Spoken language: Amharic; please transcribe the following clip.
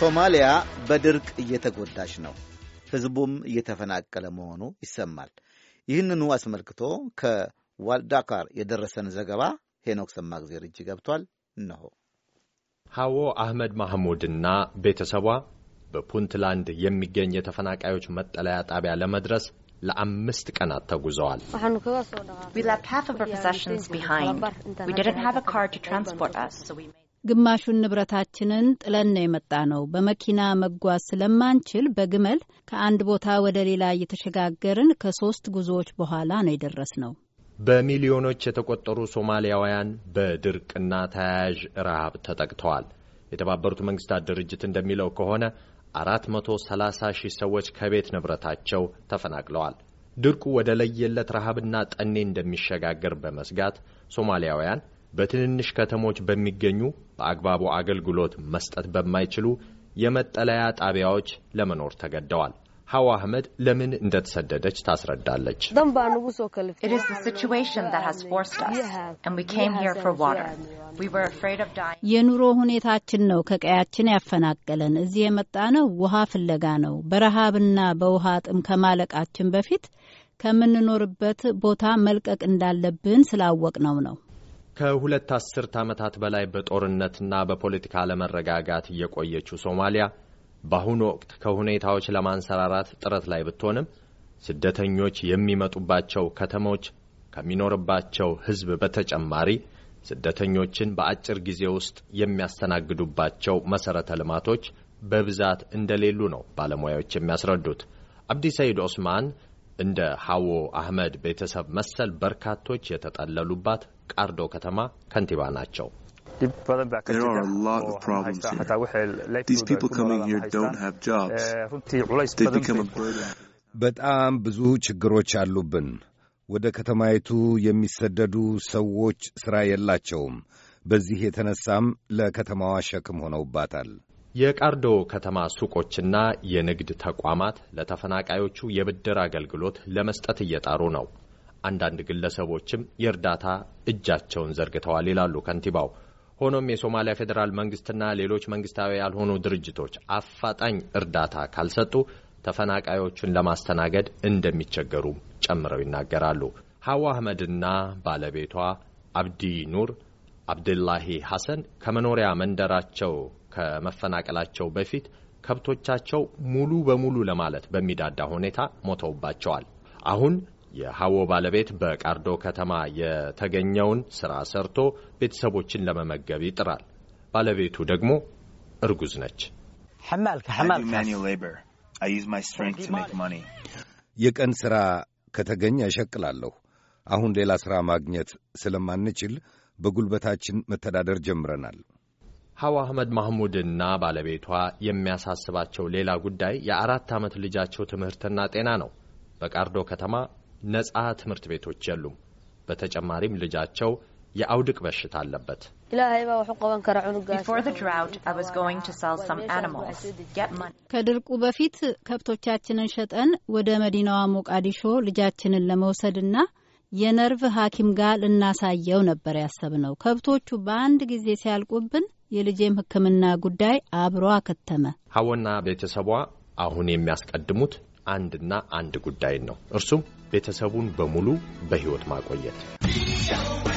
ሶማሊያ በድርቅ እየተጎዳች ነው፣ ሕዝቡም እየተፈናቀለ መሆኑ ይሰማል። ይህንኑ አስመልክቶ ከዋልዳካር የደረሰን ዘገባ ሄኖክ ሰማግዜር እጅ ገብቷል። እነሆ ሐዎ አህመድ ማህሙድና ቤተሰቧ በፑንትላንድ የሚገኝ የተፈናቃዮች መጠለያ ጣቢያ ለመድረስ ለአምስት ቀናት ተጉዘዋል። ግማሹን ንብረታችንን ጥለን ነው የመጣ ነው። በመኪና መጓዝ ስለማንችል በግመል ከአንድ ቦታ ወደ ሌላ እየተሸጋገርን ከሶስት ጉዞዎች በኋላ ነው የደረስ ነው። በሚሊዮኖች የተቆጠሩ ሶማሊያውያን በድርቅና ተያያዥ ረሃብ ተጠቅተዋል። የተባበሩት መንግስታት ድርጅት እንደሚለው ከሆነ 430 ሺህ ሰዎች ከቤት ንብረታቸው ተፈናቅለዋል። ድርቁ ወደ ለየለት ረሃብና ጠኔ እንደሚሸጋገር በመስጋት ሶማሊያውያን በትንንሽ ከተሞች በሚገኙ በአግባቡ አገልግሎት መስጠት በማይችሉ የመጠለያ ጣቢያዎች ለመኖር ተገደዋል። ሐዋ አህመድ ለምን እንደተሰደደች ታስረዳለች። የኑሮ ሁኔታችን ነው ከቀያችን ያፈናቀለን። እዚህ የመጣነው ውሃ ፍለጋ ነው። በረሃብና በውሃ ጥም ከማለቃችን በፊት ከምንኖርበት ቦታ መልቀቅ እንዳለብን ስላወቅነው ነው ከሁለት አስርት ዓመታት በላይ በጦርነትና በፖለቲካ አለመረጋጋት የቆየችው ሶማሊያ በአሁኑ ወቅት ከሁኔታዎች ለማንሰራራት ጥረት ላይ ብትሆንም ስደተኞች የሚመጡባቸው ከተሞች ከሚኖርባቸው ሕዝብ በተጨማሪ ስደተኞችን በአጭር ጊዜ ውስጥ የሚያስተናግዱባቸው መሠረተ ልማቶች በብዛት እንደሌሉ ነው ባለሙያዎች የሚያስረዱት። አብዲ ሰይድ ኦስማን እንደ ሐዎ አህመድ ቤተሰብ መሰል በርካቶች የተጠለሉባት ቃርዶ ከተማ ከንቲባ ናቸው። በጣም ብዙ ችግሮች አሉብን። ወደ ከተማይቱ የሚሰደዱ ሰዎች ሥራ የላቸውም። በዚህ የተነሳም ለከተማዋ ሸክም ሆነውባታል። የቃርዶ ከተማ ሱቆችና የንግድ ተቋማት ለተፈናቃዮቹ የብድር አገልግሎት ለመስጠት እየጣሩ ነው። አንዳንድ ግለሰቦችም የእርዳታ እጃቸውን ዘርግተዋል ይላሉ ከንቲባው። ሆኖም የሶማሊያ ፌዴራል መንግስትና ሌሎች መንግስታዊ ያልሆኑ ድርጅቶች አፋጣኝ እርዳታ ካልሰጡ ተፈናቃዮቹን ለማስተናገድ እንደሚቸገሩ ጨምረው ይናገራሉ። ሐዋ አህመድና ባለቤቷ አብዲ ኑር አብድላሂ ሐሰን ከመኖሪያ መንደራቸው ከመፈናቀላቸው በፊት ከብቶቻቸው ሙሉ በሙሉ ለማለት በሚዳዳ ሁኔታ ሞተውባቸዋል። አሁን የሀዎ ባለቤት በቃርዶ ከተማ የተገኘውን ስራ ሰርቶ ቤተሰቦችን ለመመገብ ይጥራል። ባለቤቱ ደግሞ እርጉዝ ነች። የቀን ሥራ ከተገኘ አሸቅላለሁ አሁን ሌላ ሥራ ማግኘት ስለማንችል በጉልበታችን መተዳደር ጀምረናል። ሐዋ አህመድ ማህሙድና ባለቤቷ የሚያሳስባቸው ሌላ ጉዳይ የአራት ዓመት ልጃቸው ትምህርትና ጤና ነው። በቃርዶ ከተማ ነጻ ትምህርት ቤቶች የሉም። በተጨማሪም ልጃቸው የአውድቅ በሽታ አለበት። ከድርቁ በፊት ከብቶቻችንን ሸጠን ወደ መዲናዋ ሞቃዲሾ ልጃችንን ለመውሰድና የነርቭ ሐኪም ጋር ልናሳየው ነበር ያሰብነው። ከብቶቹ በአንድ ጊዜ ሲያልቁብን የልጄም ሕክምና ጉዳይ አብሮ አከተመ። ሀወና ቤተሰቧ አሁን የሚያስቀድሙት አንድና አንድ ጉዳይን ነው። እርሱም ቤተሰቡን በሙሉ በሕይወት ማቆየት